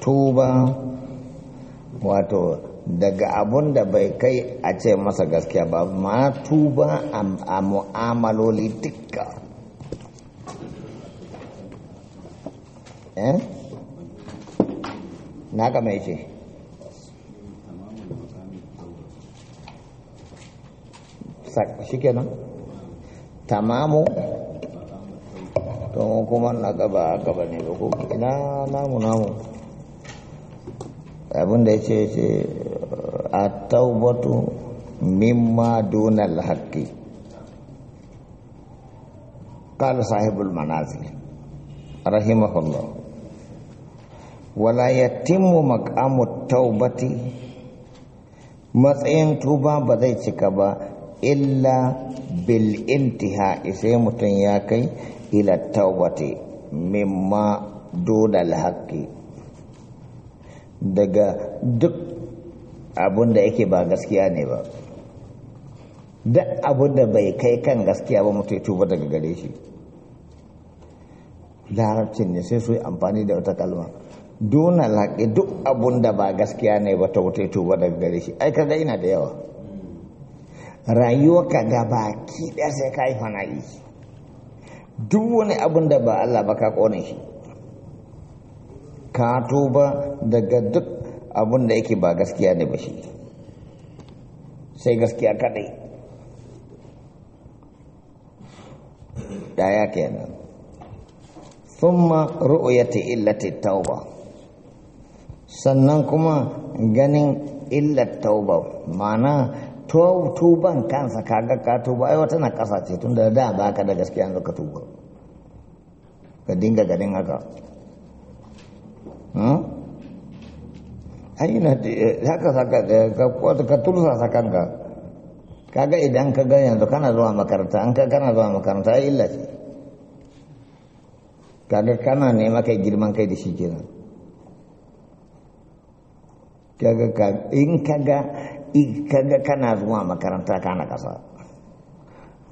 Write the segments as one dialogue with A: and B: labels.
A: tuba wato daga abun da bai kai a ce masa gaskiya ba ma tuba a mu'amaloli dukka eh na kama ce shi nan tamamu to kuma na gaba gaba ne ba ko ina namu namu abin da yace ce a taubatu mimma dunal haqqi qala sahibul manazil rahimahullah wala yatimmu taubati matsayin tuba ba zai cika ba illa bil intiha isai mutum ya kai ila taubati mimma dunal haqqi daga duk abin da yake ba gaskiya ne ba duk abin da bai kai kan gaskiya ba mutu ya tuba daga gare shi larabcin ne sai su yi amfani da wata kalma duna laƙi duk abin da ba gaskiya ne ba ta wuta ya tuba daga gare shi ai kaga ina da yawa rayuwa ka ga baki ɗaya sai ka yi fana'i duk wani abun da ba Allah ba ka ƙone shi ka tuba daga duk abin da yake ba gaskiya ne ba shi sai gaskiya kadai daya kenan thumma ru'yati illati tauba sannan kuma ganin illar tauba mana tuban kansa kaga ka tuba ai wata na kasa ce tunda da da ka da gaskiya zaka ka tuba ka dinga ganin haka Hmm? Aina na eh, haka saka ka tursa eh, sakan ka kaga idan ka ga yanzu kana zuwa makaranta an ka kana zuwa makaranta illa ce kaga kana nema kai girman kai da shi kaga ka in kaga in kaga kana zuwa makaranta kana kasa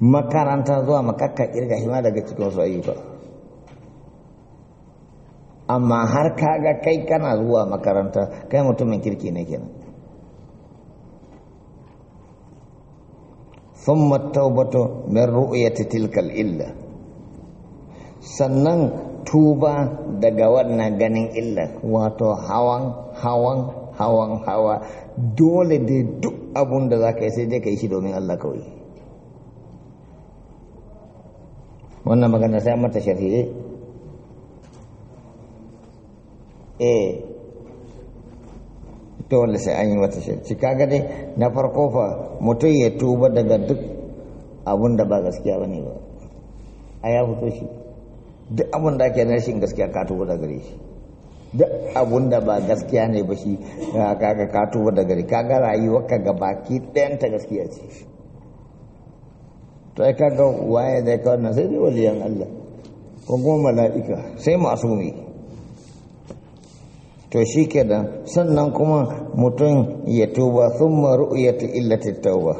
A: makaranta zuwa makakka kirga ma daga cikin wasu ayyuka amma har kaga kai kana zuwa makaranta kai mutumin kirki ne kenan ثم التوبة من رؤية تلك illa sannan tuba daga wannan ganin illa wato hawan hawan hawan hawa dole dai duk abun da za ka yi sai dai ka yi shi domin Allah kawai wannan magana sai mata sharhiye eh dole sai an yi wata shi kaga dai na farko fa mutum ya tuba daga duk abun da ba gaskiya ba ne ba a ya fito shi duk abun da ke rashin gaskiya ka tuba daga gare shi duk abun da ba gaskiya ne ba shi kaga ka tuba daga gare kaga ka ga baki ɗayan ta gaskiya ce to ai kaga waye zai kawo na sai dai waliyan Allah ko goma mala'ika sai masu mai to shi kenan sannan kuma mutum ya tuba sun maru ya illata tauba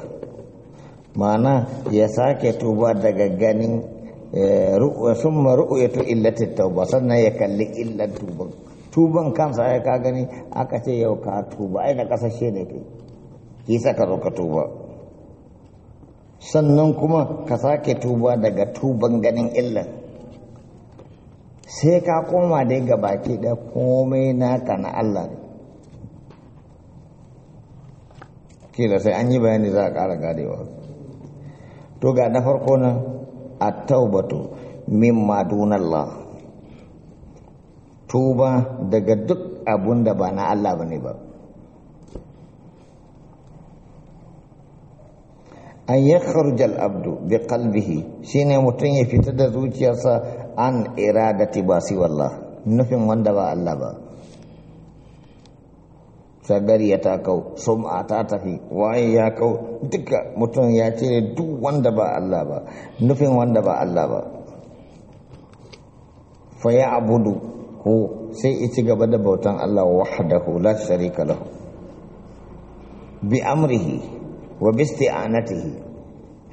A: ma'ana ya sake tuba daga ganin sun eh, maru ya illata tauba sannan ya kalli illan tuban tuban kansa ya ka gani aka ce yau ka tuba ai na kasashe ne kai yi saka ka tuba sannan kuma ka sake tuba daga tuban ganin illan sai ka koma dai ga baki da komai naka na Allah ne da sai an yi bayani za a ƙara gadewa to ga na farko nan a taubatu madun Allah tuba daga duk abun da ba na Allah ba ne ba an yi abdu bi kalbihi shine mutum ya fita da zuciyarsa an iradati ba walla nufin wanda ba Allah ba Shagari ya ta kau sum'a ta tafi waye ya kau duka mutum ya ce duk wanda ba Allah ba nufin wanda ba Allah ba fa ya abudu ko sai ya ci gaba da bautan Allah wahdahu la sharika lahu bi amrihi wa bi isti'anatihi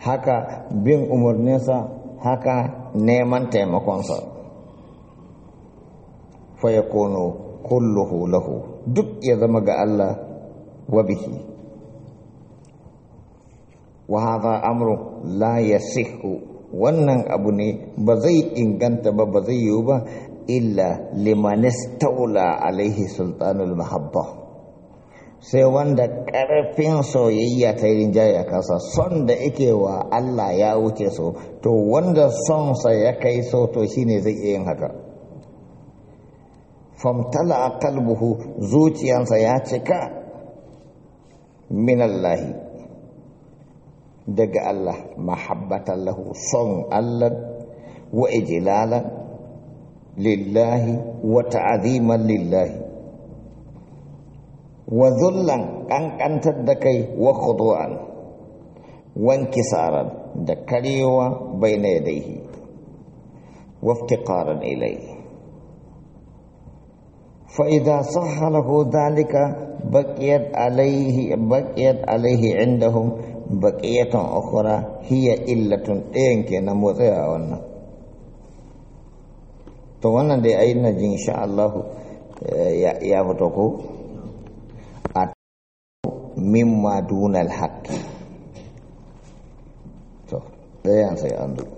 A: haka bin umarninsa haka neman taimakonsa fa ya kono kulluhu lahu duk ya zama ga Allah wa bihi wa hadha amru la yasihu wannan abu ne ba zai inganta ba ba zai yiwu ba illa liman alaihi sultanul mahabba sai wanda ƙarfin soyayya ta yi rinjaye a kasa son da ike wa Allah ya wuce so to wanda sonsa ya kai so to shine zai iya yin haka famtala a kalbuhu zuciyansa ya cika minallahi daga Allah mahabbatan lahu son Allah wa ijilalan lillahi wa ta'aziman lillahi wa zullan ƙanƙantar da kai wa khudu'an wanki tsarar da karewa bai na yadaihi wa fitikarar ilai fa’ida sun halahu zalika baƙiyar alaihi baƙiyar alaihi inda hun baƙiyatan okura hiya illatun ɗayan ke na motsaya wannan to wannan dai ayyana jin sha’allahu eh, ya fito ko? mimma dunal haqqi to sai an